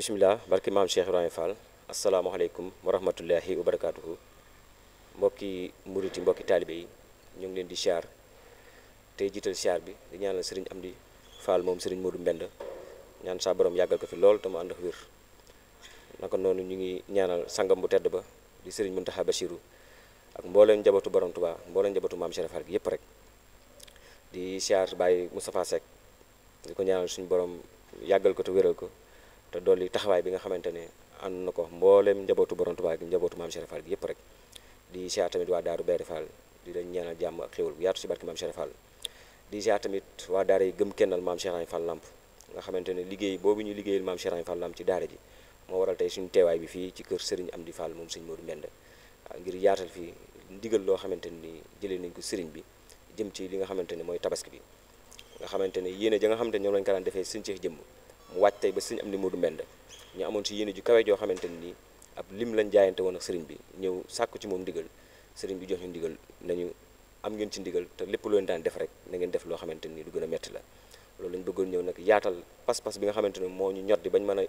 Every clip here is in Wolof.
bisimilah barki maam Cheikh Ibrahima Fall asalaamaaleykum wa rahmatullahi wa barakaatuhu mbokki muriti mbokki taalibe yi ñu ngi leen di siyaar tey jiital siyaar bi di ñaanal sëriñ di Fall moom sëriñ Modou Mbend ñaan saa borom yàggal ko fi lool te mu ànd ak wér naka noonu ñu ngi ñaanal sangam bu tedd ba di sëriñ Muntaxa Basiru ak mbooleen njabootu borom Tuubaa mbooleen njabootu maam Cheikh Fall gi yëpp rek di siyaar Baye Moustapha Seck di suñu borom yàggal ko. te dolli taxawaay bi nga xamante ne ànd na ko mboolem njabootu borom Tuubaa gi njabootu maam Cheikh Fall gi yëpp rek di siyaar tamit waa daaru Bairé Fall di leen ñaanal jàmm ak xéwal yaatu si barki maam Cheikh Fall di tamit waa daara gëm kennal maam Cheikh Fall Lamp nga xamante ne liggéey boobu ñu liggéeyal maam Cheikh Fall Lamp ci daara ji moo waral tey suñ teewaay bi fii ci kër Serigne Amdi Fall moom Serigne Modou Mbend ah, ngir yaatal fii ndigal loo xamante ni jëlee nañ ko Serigne bi jëm ci li nga xamante ne mooy tabaski bi nga xamante ne yéene ja nga xamante ne ñoom lañ ko daan defee sëñ Cheikh mu wàcc tey ba sëriñ am di Modou Mbend ñu amoon si yéene ju kawe joo xamante ne nii ab lim lañ jaayante woon ak sëriñ bi ñëw sàkku ci moom ndigal sëriñ bi jox ñu ndigal nañu am ngeen ci ndigal te lépp looleen daan def rek na ngeen def loo xamante ni lu gën a metti la loolu lañ bëggoon ñëw nag yaatal pas moo ñu ñor di bañ mën a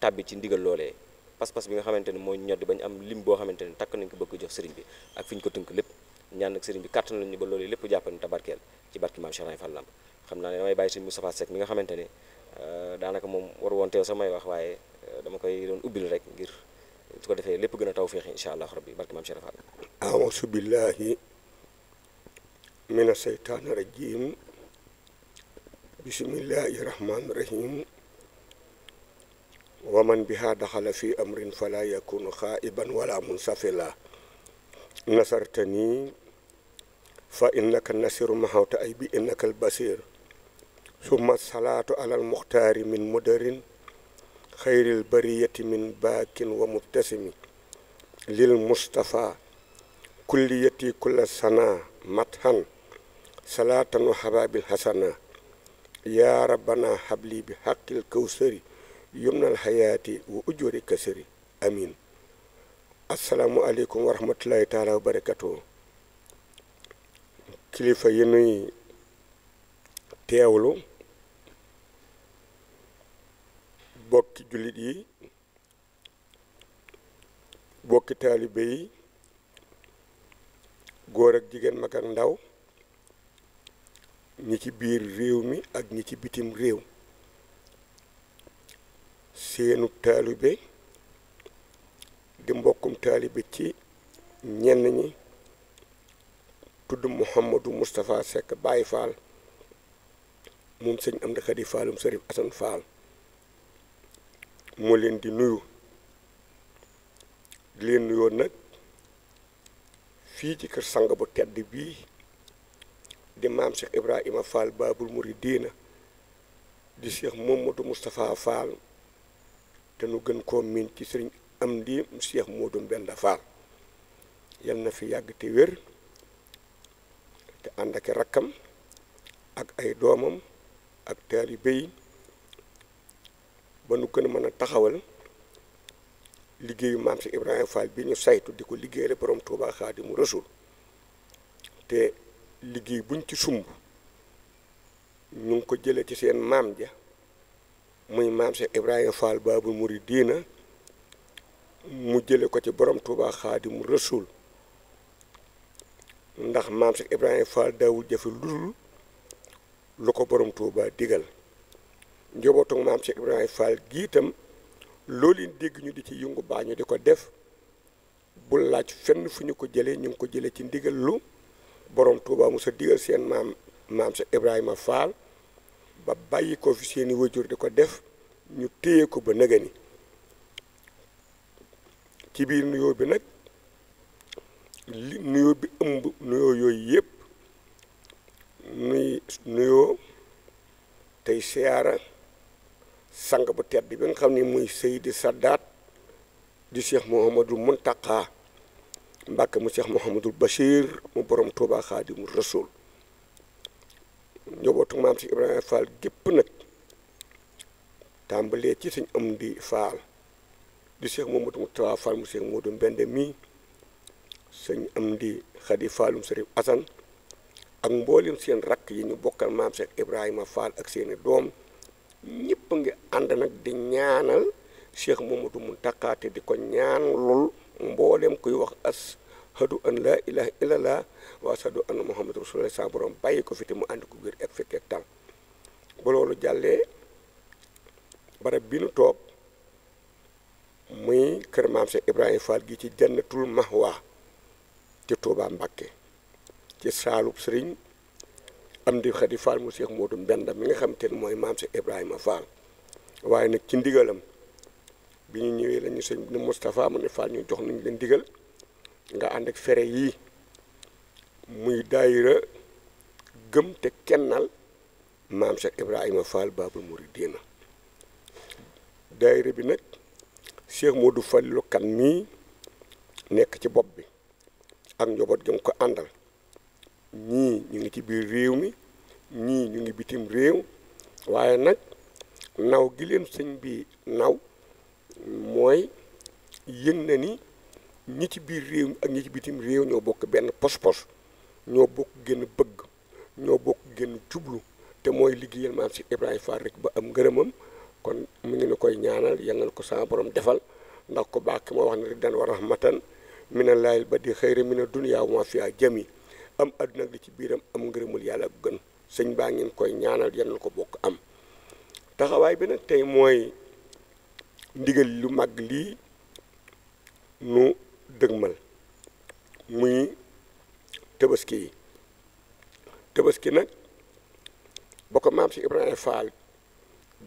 tàbbi ci ne moo ñu ñor lim boo xamante ne takk nañ ko bëgg jox sëriñ bi ak fi ñu ko tënk lépp ñaan nag sëriñ bi kàttan lañu ba loolee lépp jàppani tabarkeel ci barki maam Cheikh Fall xam naa ne damay bàyyi sëriñ Moustapha Seck mi nga xamante ne daanaka moom war woon teew samay wax waaye dama koy doon ubbil rek ngir su ko defee lépp gën a taw féexi incha allah rabbi barke maam Cheikh Fall aousu billahi min aseytaan rajim bismillahi rahmani rahim waman biha daxala fi amrin fala yakunu xaiban wala munsafila nasartani fa innaka nasiru mahawta ay bi innaka albasir ثم الصلاة على المختار من مدر خير البرية من باك ومبتسم للمصطفى كليتي كل سنة مطهن صلاة وحباب الحسنة يا ربنا حبلي بحق الكوثر يمن الحياة وأجر كسر أمين السلام عليكم ورحمة الله تعالى وبركاته كلفة ينوي teewlu bokki jullit yi bokki taalibe yi góor ak jigéen mag ndaw ñi ci biir réew mi ak ñi ci bitim réew seenu taalibe di mbokkum taalibe ci ñenn ñi tudd Mouhamadou Moustapha Seck Baye Fall moom sëñ Amdy Khady Falloum Serif Assane Fall moo leen di nuyu di leen nuyoo nag fii ci kër sang bu tedd bii di maam Cheikh Ibrahima Fall Babul Mouridina di Cheikh Momadou Moustapha Fall te nu gën koo miin ci sëriñ Amdi Cheikh Modou Mbenda Fall yal na fi yàgg te wér te ànd ak rakkam ak ay doomam ak taalibe yi ba nu gën a mën a taxawal liggéeyu maam si Ibrahima Fall bi ñu saytu di ko liggéeyale borom Touba Xaadimu Rasuul te liggéey buñ ci sumb ñu ngi ko jëlee ci seen maam ja muy maam si Ibrahima Fall Baabul Muridiina mu jële ko ci borom Touba Xaadimu Rasuul ndax maam si Ibrahima Fall daawul jëfe ludul lu ko borom Touba digal njobootu maam Cheikh Ibrahima Fall gii itam loo dégg ñu di ci yëngu baa ñu di ko def bu laaj fenn fu ñu ko jëlee ñu ngi ko jëlee ci ndigal lu borom Touba mu sa digal seen maam maam Cheikh Ibrahima Fall ba bàyyi ko fi seeni wajur di ko def ñu téye ko ba nëgëni ci biir nuyoo bi nag li nuyoo bi ëmb nuyoo yooyu yëpp. nuy nuyoo tey siyaara sang bu tedd bi nga xam ni muy Seydi Saddaat di Cheikh Mouhamadul Muntaqa Mbàkke mu Cheikh Mouhamadul Bachir mu borom Touba Xaadimu Rasuul njobootu maam si Ibrahima Fall gépp nag tàmbalee ci sëñ am di Fall di Cheikh Mouhamadou Moustapha Fall mu Cheikh Modou Mbende mii sëñ am di Xadi Fallum Sëriñ Asan ak mbolim seen rak yi ñu bokkal maam Cheikh Ibrahima Fall ak seen doom ñepp nga and nak di ñaanal Cheikh Mamadou Mountakha te di ko lul kuy wax as hadu an la ilaha illallah wa sadu an Muhammad rasulullah sa borom baye ko fitimu and mu ànd ko biir ak fekkee tal ba lolu jalle barab bi nu muy kër maam Cheikh Ibrahima Fall gi ci jannatul mahwa ci Touba mbacke ci saalub sëriñ am di xadi Fall mu Cheikh Modou Mbenda mi nga xam te mooy maam si Ibrahima Fall waaye nag ci ndigalam bi ñu ñëwee lañu sëñ ne Moustapha mu ne Fall ñu jox nañ leen ndigal nga ànd ak fere yii muy daayira gëm te kennal maam Cheikh Ibrahima Fall Babul Mouridina daayira bi nag Cheikh Modou Fallou kan mii nekk ci bopp bi ak njaboot gi ko àndal ñii ñu ngi ci biir réew mi ñii ñu ngi bitim réew waaye nag naw gi leen sëñ bi naw mooy yëg na ni ñi ci biir réew mi ak ñi ci bitim réew ñoo bokk benn pos-pos ñoo bokk génn bëgg ñoo bokk génn jublu te mooy liggéeyal maam si Ibrahima Fall rek ba am ngërëmam kon mu ngi ne koy ñaanal yal na ko sama borom defal ndax ko baax ki moo wax ne rek daan war rahmatan lay ba di xëyre mi dunya wa ma fiha jami am àdduna ak li ci biiram am ngërëmul yàlla gën sëñ baa ngeen koy ñaanal lu ko bokk am taxawaay bi tey mooy ndigal lu mag lii nu dëgmal muy tabaski yi tabaski nag ba ko maam si Ibrahima Fall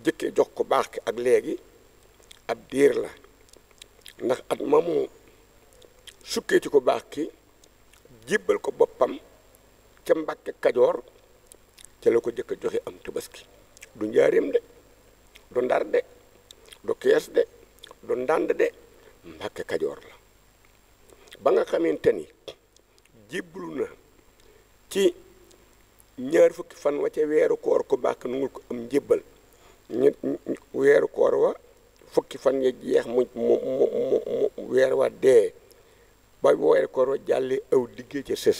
jëkkee jox ko baax ki ak léegi ab diir la ndax at mamu sukkee ci ko baax ki Jibbel ko bopam ca mbacke kadior ca lako ko joxe am tabaski du ndiarim de du ndar de du kees de du ndand de mbacke kadior la ba nga xamanteni jibluna ci ñaar fukki fan wa ca wéru koor ku nu ngul ko am njébbal ñu wéru koor wa fukki fan ye ya jeex mu wéru wa dee ba woowee koro jàllee aw diggee ca sës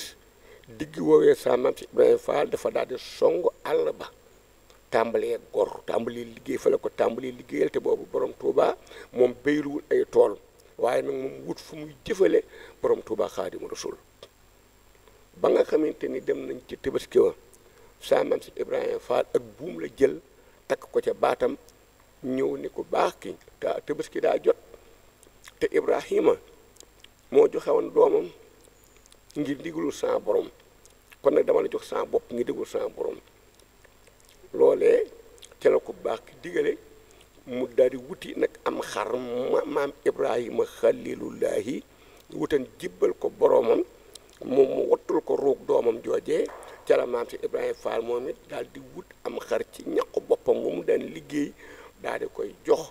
digg woowee saa si Ibrahima Fall dafa daal di song àll ba tàmbalee gor tàmbalee liggéey fa ko tàmbalee liggéeyal te boobu borom Touba moom béyluwul ay tool waaye nag moom wut fu muy jëfale borom Touba Xaadimu Rasul ba nga xamante ni dem nañ ci Tabaski wa saa si Ibrahima Fall ak buum la jël takk ko ca baatam ñëw ni ko baax ki te Tabaski daa jot te Ibrahima moo joxe doomam ngir diglu sa borom kon nag dama la jox sa bopp ngi diglu sama borom loolee ca la ko baax ki digale mu daal di wuti nag am xar ma maam Ibrahima xalilullahi wutan jibbal ko boromam moom mu wattul ko ruug doomam joojee ca la maam si Ibrahima Fall moom it daal di wut am xar ci ñaqu boppam bu mu daan liggéey daal di koy jox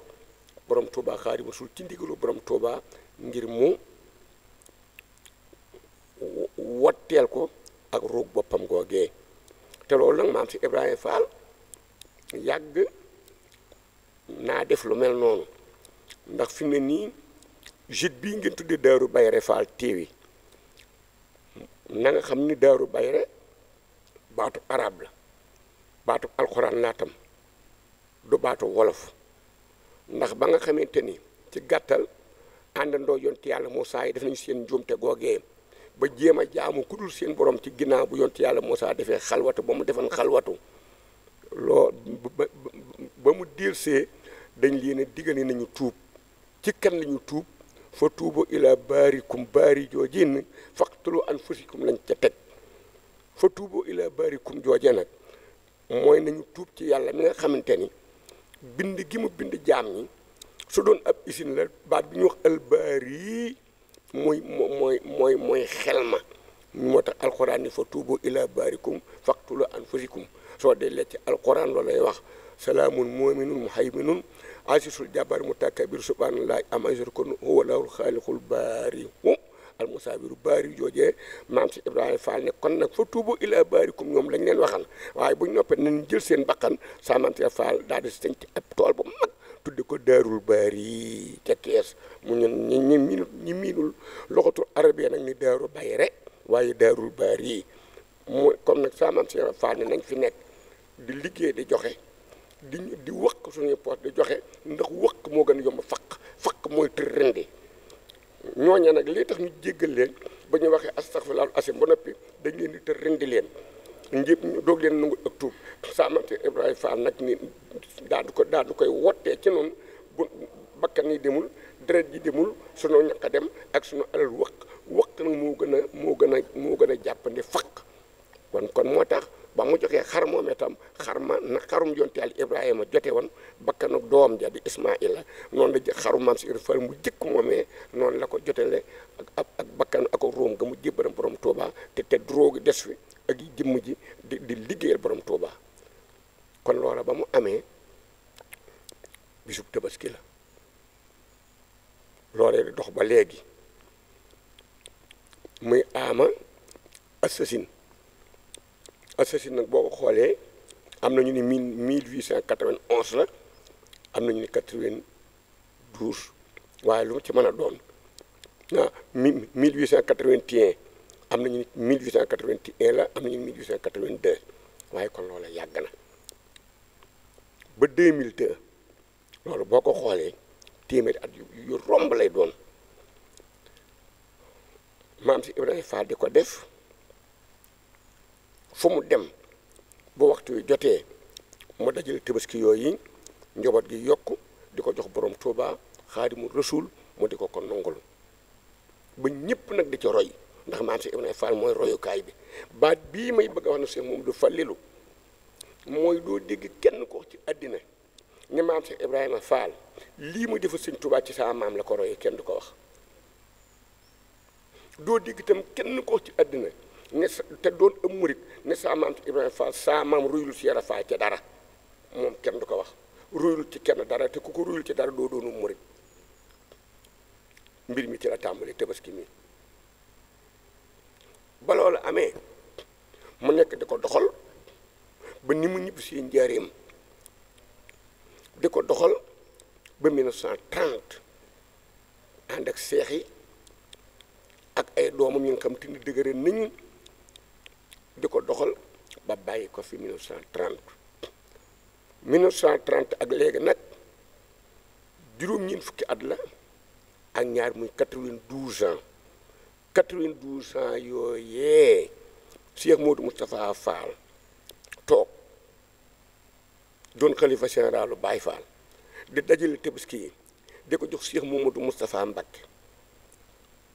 borom Touba Xaadimu Rasuul ci ndigalu borom Touba ngir mu. wotteel ko ak ruug boppam googee te loolu nag maam si Ibrahima Fall yàgg naa def lu mel noonu ndax fi mu ne nii jit bi ngeen tuddee Daaru Bayre Fall TV na xam ni Daaru Bayre baatu arab la baatu alxuraan laatam du baatu wolof ndax ba nga xamante ni ci gàttal àndandoo yonti yàlla Muusaa yi def nañu seen njuumte googee ba jéem a jaamu ku dul seen borom ci ginnaaw bu yontu yàlla Moussa defee xalwatu ba mu defoon xalwatu loo ba mu dirsee dañ leen a diggante nañu tuub ci kan lañu tuub fa tuubu ila baarikum baari joojin faqtulu lañ ca teg fa nag mooy nañu tuub ci yàlla mi nga xamante ni bind gi mu bind jaam ñi su doon ab usine la baat bi ñu wax albaari mooy mooy mooy mooy xel ma moo tax alxuraan ni fa tuubu ila baarikum faqtulu anfusikum soo dellee ci alxuraan loolu lay wax salaamun muminun muhayminun asisul jabar mutakabir subhanallahi am ajurkun huwa lahul xaaliqul baari al musaabiru baari joojee maam si Ibrahima Fall ne kon nag fa tuubu ila baarikum ñoom lañ leen waxal waaye bu ñu noppee nañ jël seen bakkan saa maam si Fall daal di sëñ ci ab tool bu mag. tudde ko daarul baari ca kees mu ñun ñi ñi miinul ñi miinul loxatu arabee nag ni daaru bay rek waaye daarul baari mu comme nag saamam si faani nañ fi nekk di liggéey di joxe di di wëq suñuy poos di joxe ndax wëq moo gën a yomb faq faq mooy tër ñoo ñooña nag li tax ñu jéggal leen ba ñu waxee astaghfirullah assi ba noppi dañ leen di tër rendi leen njëpp ñu doog leen nangu ak tuub saamante Ibrahima Fall nag ni daal di ko daal di koy wottee ci noonu bu bakkan yi demul deret yi demul sunu ñàkk a dem ak sunu alal wëq wëq nag moo gën a moo gën a moo gën a jàppandi fakk kon kon moo tax ba mu joxee xar moom tam xar ma na xarum yonte jote woon bakkanu doom ja di la noonu la xarum maam si fa mu jëkk moomee noonu la ko jotele ak ak bakkan ak room ga mu jébbaram borom Tuuba te te drogue des wi ak jëmm ji di di liggéeyal borom Touba kon loola ba mu amee bisub tabaski la loolee di dox ba léegi muy aama assasine assasine nag boo ko xoolee am na ñu ni mille mille huit cent quatre-vingt-onze la am na ñu ni quatre-vingt-douze waaye lu mu ci mën a doon ah mille huit cent quatre-vingt-un am nañu nit 1881 la am nañu 1882 waaye kon loola yàgg na ba 2002 loolu boo ko xoolee téeméeri at yu romb lay doon maam si Ibrahima Fall di ko def fu mu dem bu waxtu wi jotee mu dajale tabaski yooyu njoboot gi yokk di ko jox borom Touba Xaadimu Rasuul mu di ko ko nangul ba ñëpp nag di ci roy ndax maam Cheikh Ibrahima Fall mooy royukaay bi baat bii may bëgg a wax na Cheikh moom du fallilu mooy doo dégg kenn ko ci àddina ne maam Ibrahima Fall lii mu defa Sëñ ci saa maam kenn du ko wax doo dégg itam ko ci àddina te doon am murit ne saa maam Cheikh Ibrahima Fall saa maam royul si yara Fall ca dara moom kenn du ko wax royul ci kenn dara te ku ko royul ci dara doo doonu murit mbir mi ci la tàmbali tabaski mi ba loolu amee mu nekk di ko doxal ba ni mu ñibbi seen njaareem di ko doxal ba 1930 ànd ak seex ak ay doomam ñu nga xam te ni dëgëre nañu di ko doxal ba bàyyi ko fi 1930 1930 ak léegi nag juróom-ñeent fukki at la ak ñaar muy 92 ans. quatre-vingt-douze ans yooyee Cheikh Modou Moustapha Fall toog doon xalifa généralu Baye Fall di dajale tabaski yi di ko jox Cheikh Mamadou Moustapha Mbacké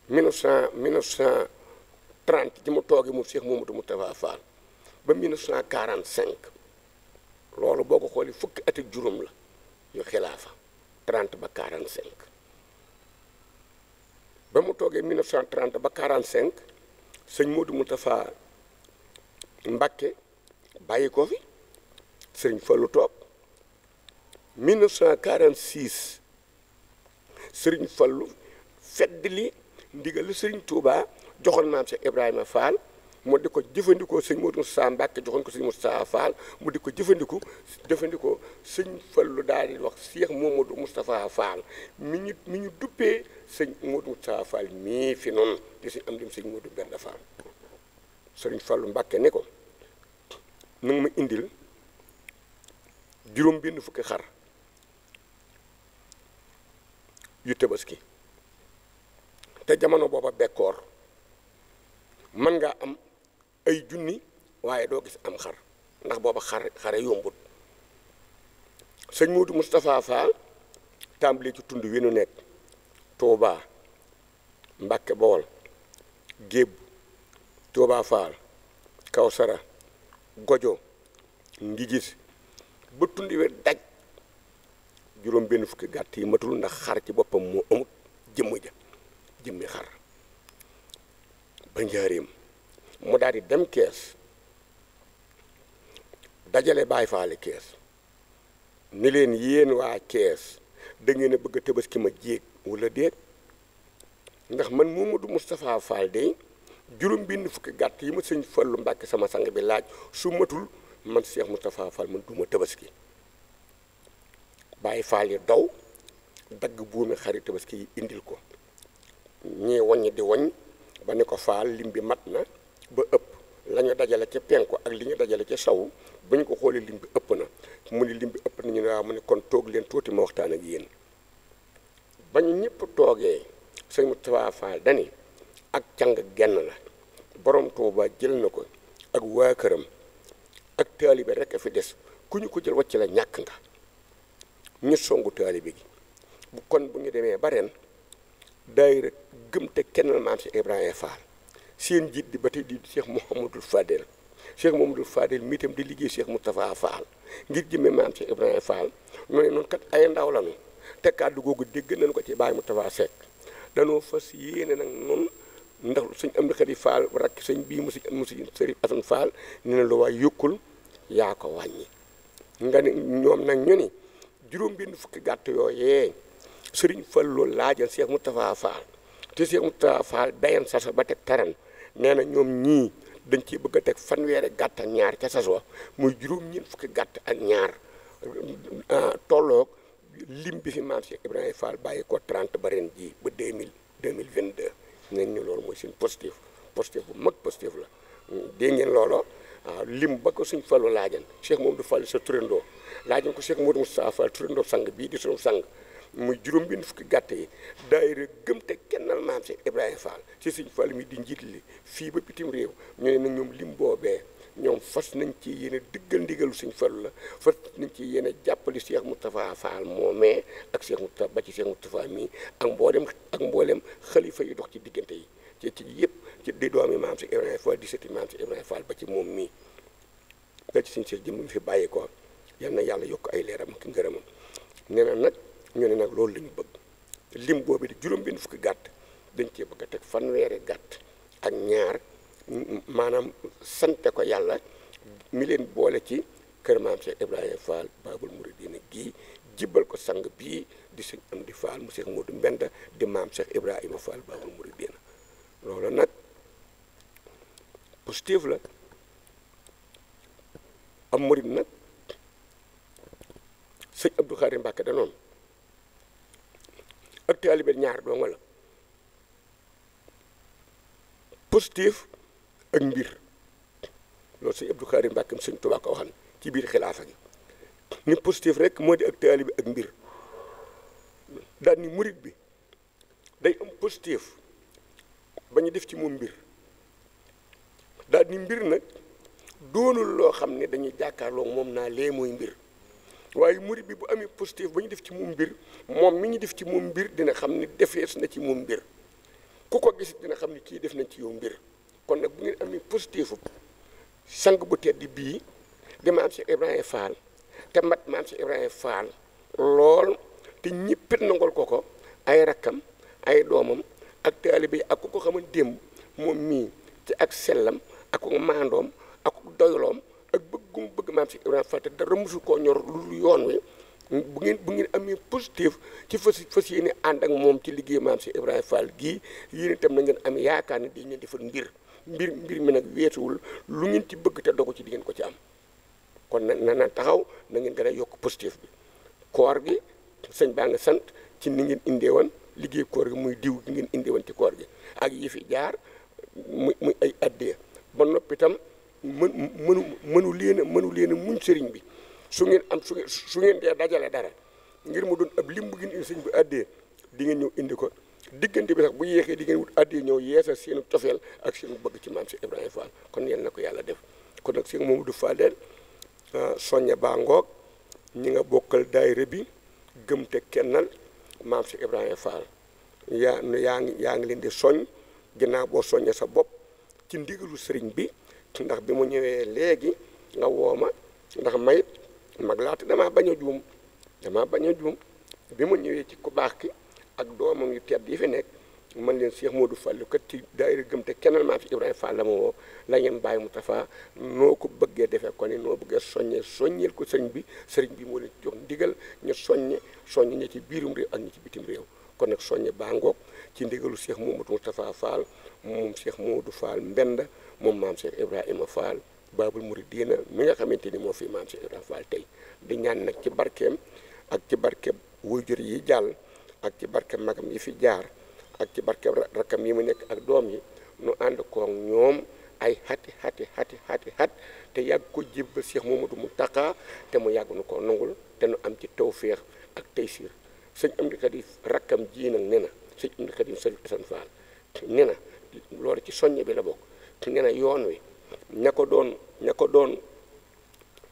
1900 1930 ji mu toogee moom ba Mamadou Moustapha Fall ba 1945 loolu boo ko xoolee fukki at ak juróom la ñu xilaafa 30 ba 45 ba mu toogee 1930 ba 45 sëñ Modou Moustapha Mbacké bàyyi ko fi sëñ Fallou toog 1946 sëriñ Fallou fedd li ndigal la sëriñ Touba joxoon maam Cheikh Ibrahima Fall. mu di ko jëfandikoo sëñ Modou Moussa Mbacke joxoon ko sëñ Moussa Fall mu di ko jëfandiku jëfandikoo sëñ Fallu daal di wax Cheikh Momadou Moustapha Fall mi ñu mi ñu duppee sëñ Modou Moustapha Fall mii fi noonu di sëñ am dim sëñ Modou Benda Fall sëñ Fallu Mbacke ne ko na nga ma indil juróom benn fukki xar yu tabaski te jamono booba bekkoor mën ngaa am ay junni waaye doo gis am xar ndax booba xar xare yombut sëñ Moodu Moustapha Fall tàmbali ci tund wi nu nekk Touba Mbacke Bawol Géeb Touba Fall Kawsara Gojo Ngigis ba tund wi daj juróom benn fukki gàtt yi matul ndax xar ci boppam moo amut jëmm ja jëmmi xar ba mu daal di dem kees dajale bàyyi faale kees ni leen yéen waa kees da a bëgg a tëbaski ma jéeg wala déet ndax man Momadou Moustapha Fall de juróom benn fukki gàtt yi ma sëñ Fallu Mbàkke sama sang bi laaj su matul man Cheikh Moustapha Fall man duma tabaski bàyyi faal yi daw dagg buumi xari tabaski yi indil ko ñii waññ di wañ ba ne ko faal lim bi mat na ba ëpp la dajale ca penku ak li ñu dajale ca saw ba ñu ko xoolee lim bi ëpp na mu ni lim bi ëpp na ñu ne waaw mu ne kon toog leen tuuti ma waxtaan ak yéen ba ñu ñëpp toogee sëñ Moustapha dani ak càng genn la borom Touba jël na ko ak waa këram ak taalibe rek a fi des ku ñu ko jël wàcc la ñàkk nga ñu songu taalibe gi bu kon bu ñu demee ba ren rek gëm te kennal maam si Ibrahima Fall seen jiit di ba tey di Cheikh Mouhamadul Fadel Cheikh Mouhamadul Fadel mi itam di liggéey Cheikh Moustapha Fall ngir jëmme maam Cheikh Ibrahima Fall mu ne noonu kat ay ndaw la ñu te kàddu googu dégg nañu ko ci Baye Moustapha Seck danoo fas yéene nag noonu ndax suñ am di xarit Fall rakk sëñ bii musi musi Serigne Assane Fall ne na lu waay yokkul yaa ko wàññi nga ne ñoom nag ñu ni juróom benn fukki gàtt yooyee Serigne Fall loolu laajal Cheikh Moustapha Fall te Cheikh Moustapha Fall dayan sasa ba teg taran nee na ñoom ñii dañ ciy bëgg a teg fanweeri gàtt ak ñaar ca sas wa muy juróom ñeent fukki gàtt ak ñaar euh, tollook lim bi fi maam Cheikh Ibrahima Fall bàyyi ko 30 ba ren jii ba 2000 2022 nee ñu loolu mooy seen positif positif bu mag positif la dégg ngeen looloo waaw ah, lim ba ko suñ falu laajan Cheikh moom du fàllu sa turandoo laajan ko Cheikh Modou Moustapha Fall turandoo sang bii di sunu sang muy juróom benn fukki gàtt yi daayira gëm te kennal maam si Ibrahima Fall si suñ Fall mi di njiit li fii ba bitim réew ñu ne nag ñoom lim boobee ñoom fas nañ ci yéen a diggal ndigalu suñ Fall la fas nañ ci yéen a jàppali Cheikh Moustapha Fall moomee ak Cheikh Moustapha ba ci Cheikh Moustapha mii ak mboolem ak mboolem xalifa yi dox ci diggante yi ci ci yëpp di doomi maam si Ibrahima Fall di sëti maam si Ibrahima Fall ba ci moom mii ba ci suñ Cheikh jëmm fi bàyyi ko yal na yàlla yokk ay leeram ak ngërëmam nee ñu ne nag loolu la ñu bëgg lim boobu di juróom benn fukki gàtt dañ cee bëgg a teg fanweeri gàtt ak ñaar maanaam sante ko yàlla mi leen boole ci kër maam Cheikh Ibrahima Fall Babul Mouridina gii jibbal ko sang bii di sëñ am di Fall mu Cheikh Modou Mbenda di maam Cheikh Ibrahima Fall Babul Mouridina loolu nag positif la am murid nag sëñ Abdou Khari Mbacke danoon ak taalibe ñaar doonga la positif ak mbir loolu sëñ Abdou Karim Mbàkke sëñ Tuubaa ko waxan ci biir xilaafa gi ni positif rek mooy di ak taalibe ak mbir daal ni murit bi day am positif ba ñu def ci moom mbir daal ni mbir nag doolu loo xam ne dañuy jàkkaarloo moom naa lee mooy mbir waaye murid bi bu amee positif ba ñu def ci moom mbir moom mi ñu def ci moom mbir dina xam ni defees na ci moom mbir ku ko gis dina xam ni kii def nañ ci yow mbir kon nag bu ngeen amee positifu sang bu tedd bii di am ci Ibrahima Fall te mat maam si Ibrahima Fall lool te ñëppit nangol ko ko ay rakkam ay doomam ak taalibe yi ak ku ko xaman démb moom mii ci ak sellam ak ku maandoom ak ku doyloom ak bëgg gu mu bëgg maam si Ibrahima Fall te dara mosul koo ñor lu yoon wi bu ngeen bu ngeen amee positif ci fas fas yéene ànd ak moom ci liggéey maam si Ibrahima Fall gii yéen itam na ngeen am yaakaar ne di ngeen defal mbir mbir mbir mi nag weesuwul lu ngeen ci bëgg te dogu ci di ngeen ko ci am kon na na taxaw na ngeen gën a yokk positif bi koor gi sëñ baa nga sant ci ni ngeen indee woon liggéey koor gi muy diw gi ngeen indee woon ci koor gi ak yi fi jaar mu mu ay addee ba noppi mënu leena mënu leena muñ sëriñ bi su ngeen am su ngeen su ngeen dee dajale dara ngir mu doon ab lim gi sëriñ bi addee di ngeen ñëw indi ko diggante bi sax bu yéexee di ngeen wut addee ñëw yeesal seen cofeel ak seen bëgg ci maam si ibrahim Fall kon yal na ko yàlla def kon nag seen momadou fallel ah, soñña baa ngoog ñi nga bokkal daayira bi gëm te kennal maam si ibrahim Fall yaa yaa ngi yaa ngi leen di soñ ginnaaw boo soññee sa bopp ci ndigalu sëriñ bi ndax bi mu ñëwee léegi nga woo ma ndax may mag laata damaa bañ a juum damaa bañ a juum bi mu ñëwee ci ku baax ki ak doomam ngi tedd yi fi nekk man leen Cheikh moo du kat ci daayira gëm te kenn maa fi Ibrahima Fall la ma woo la ngeen bàyyi mu tafaa noo ko bëggee defee kon ni noo bëggee soññee soññeel ko sëriñ bi sëriñ bi moo leen jox ndigal ñu soññe soññe ña ci biirum réew ak ñi ci bitim réew kon nag soññe baa ngoog ci ndigalu Cheikh Momadou Moustapha Fall moom Cheikh Modou Fall mbend moom maam Cheikh Ibrahima Fall Baabul mu Muridiina mi nga xamante ni moo fi maam Cheikh Ibrahima Fall tey di ñaan nag ci barkeem ak ci barkeem waajur yi jàll ak ci barkeem magam yi fi jaar ak ci barkeem rakkam yi mu nekk ak doom yi nu ànd koog ñoom ay xati xati xati xati xat te yàgg ko jibba Cheikh Mamadou Mountakha te mu yàgg nu ko nangul te nu am ci tawféex ak taysiir sëñ Amdi Xadim rakkam ji nag nee na sëñ Amdi Xadim Sëriñ Asan Fall nee na loolu ci soññe bi la bokk ngena yoon wi nyakodon ko doon ña ko doon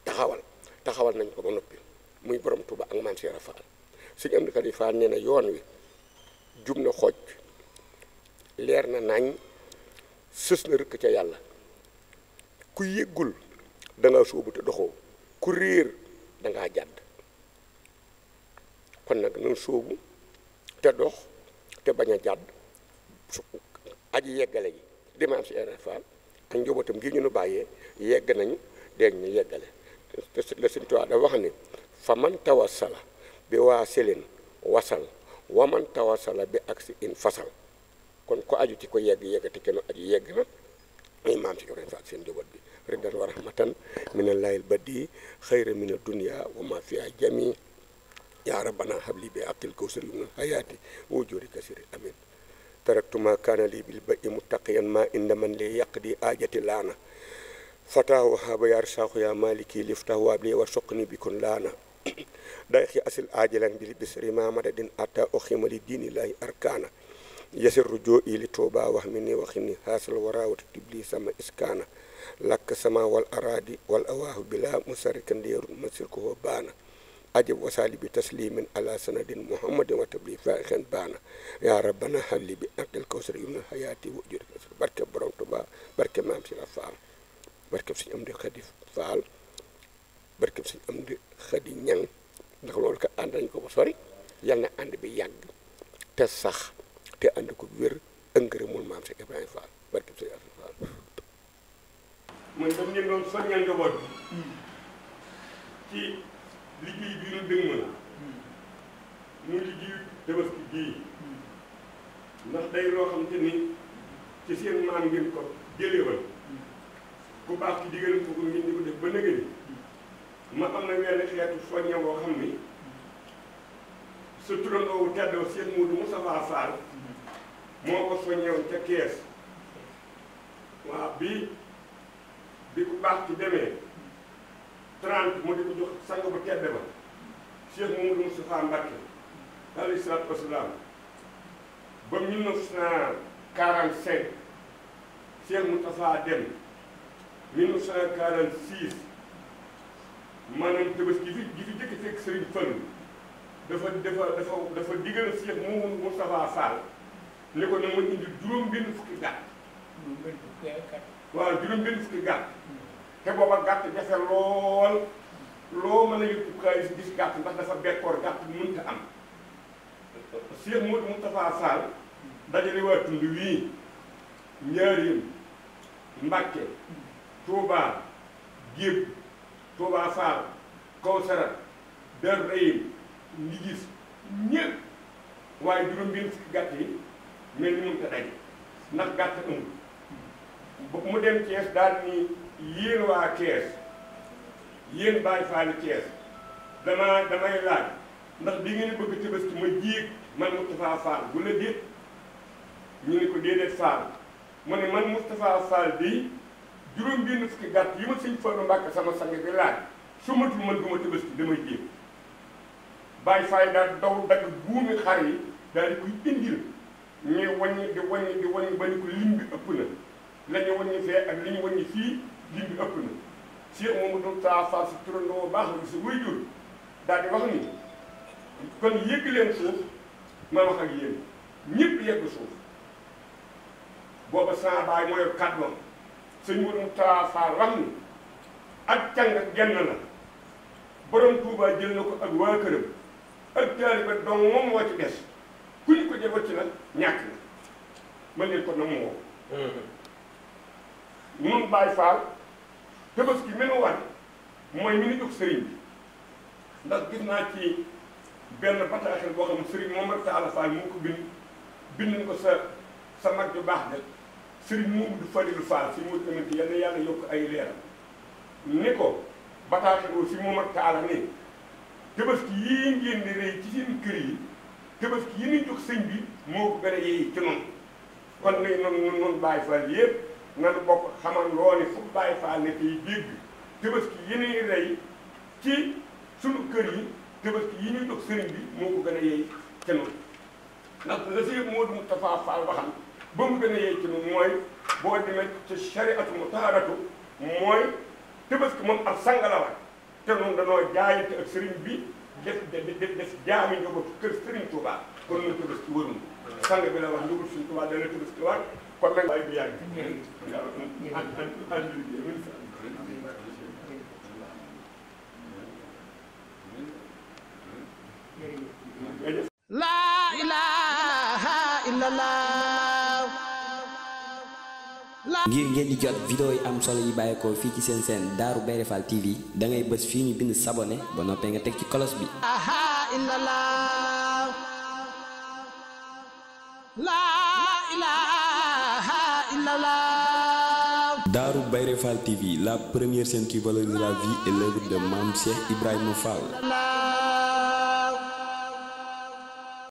taxawal taxawal nañ ko ba noppi muy borom tuba ak man seera rafa am di neena na yoon wi jub na leer na nañ sës na rek ca yalla ku yegul da nga soobu te doxo ku réer da nga jadd kon nak nan soobu te dox te baña jadd aji yegale di maam si Ibra Fall ak njabootam gi ñu nu bàyyee yegg nañu dégg ñu yeggale le Sëñ Tuubaa da wax ni fa man bi waa silin wasal wa man tawassala bi aksi in fasal kon ko aju ci ko yegg yeggati kenn aju yegg na muy maam si Ibra Fall seen njaboot bi ridan wa rahmatan mina layil badi xayra mina dunya wa ma fiha jami yaa rabbana habli bi aqil kawsar min hayati wa amin taraktumaa kaana lii bil ba i muttaqiyan maa inda man li yàq di aajati laana fataahu haaba yaar saaxu yaa maaliki liftahu waab lii wa suqni bikun laana day xi asil aajilan bil bisri maa madadin atta oxima li diini laahi arkaana yasiru joo i li tuubaa wax mi ni waxi haasal waraawati tibli sama iskaana lakk sama wal araadi wal awaahu bila musarikan deeru masirkuhu baana ajab wasali bi taslimin ala sanadin muhammadin wa tabli faixen baana yaa rabbana halli bi la faal barke suñu am di xadi faal barke suñu am di xadi ñang ko ànd nañ ko ba sori yal na ànd bi yàgg te sax te ànd ko wér ëngërëmul maam si Ibrahima faal liggéey bii la dëgmal muy liggéey tabaski bii ndax day loo xam te ni ci seen maam ngeen ko jëleewal bu baax ci digal ko ko ngeen di ko def ba nëgëni ma am na wenn xeetu soñña boo xam ni sa turandoowu teddoo seen Moodu Moustapha Fall moo ko soññewoon ca kees waaw bii bi ku baax ci demee 30 mu di ko jox sang bu tedd ba Cheikh Mamadou Moustapha Mbacké alayhi salatu wasalaam ba 1945 Cheikh Moustapha dem 1946 maanaam tabaski fi gi gitu, fi gitu jëkk fekk Serigne Fallou dafa dafa dafa dafa digal Cheikh Mamadou Moustapha Fall ni ko na ma indi juróom benn fukki gàtt waaw juróom benn fukki gàtt hmm. te booba gàtt jafe lool loo mën a yëpp xaalis gis gàtt ndax dafa bekkoor gàtt bi mënta am Cheikh Modou Moustapha Sall dajale waa tund wii Njaaréem Mbàkke Touba Géb Touba Fall Kawsara Dar Rahim Ndigis ñëpp waaye juróom benn fukki gàtt yi mel ni mënta daje ndax gàtt amul mu dem Thiès daal ni yéen waa Thiès yéen Baye Fall Thiès damaa damay laaj ndax di ngeen bëgg Tabaski ma jéeg man Moustapha Fall bu la déet ñu ne ko déedéet Fall mu ne man Moustapha Fall bi juróom benn fukki gàtt yi ma sëñ Fallu Mbàkke sama sang bi laaj su ma man du ma Tabaski damay jéeg Baye Fall daal daw dagg buumi xar yi daal di koy indil ñu wàññi di wàññi di wàññi ba ni ko lim bi ëpp na la ñu wàññi fee ak li ñu wàññi fii lii bi ëpp na Cheikh Mamadou Taa Fall si turandoo baax la si wuy jur daal di wax ni kon yëgg leen suuf ma wax ak yéen ñëpp yegg suuf booba sama baay mooy kàddoom sëñ Mamadou Taa Fall wax ni ak càng genn la borom Touba jël na ko ak waa këram ak taaliba dong moom moo ci des ku ñu ko jëfat ci la ñàkk na ma leen ko na moo mm-hmm. moom Baay Faal tabaski menu war mooy mi ni jóg sëriñ bi ndax gis naa ci benn bataaxel boo xam ne sëriñ moom rek taala faal mu ko bind bind nañ ko sa sa mag ju baax de sëriñ moomu du fadilu faal si mu tamit yal na yàlla yokk ay leeram ni ko bataaxel boobu si moom rek taala ne tabaski yii ngeen di rey ci seen kër yi tabaski yi ni jóg sëñ bi moo ko gën a yey ci noonu kon nag noonu noonu bàyyi faal yépp nanu bokk xamandoo ne fu Baay Faal nekk yi dégg tabaski yi ñuy rey ci sunu kër yi tabaski yi ñuy jox sëriñ bi moo ko gën a yey ca noonu ndax la si Moodu Moustapha Fall waxam mooy boo demee moom ab sang la te noonu danoo jaayante ak sëriñ bi def def def jaami njabootu kër sëriñ Touba kon noonu tabaski warul sang bi la wax njabootu suñu Touba dana tabaski war kon nag waaye du yàgg ngir ngeen di jot vidéo yi am solo yi bàyyeekoo fii ci seen seen Darou Bairé Fall TV da ngay fii ñu bind sabone ba noppee nga teg ci kolos bi. TV, la première scène qui valorise la vie et l'œuvre de Mamsier Ibrahim Fall.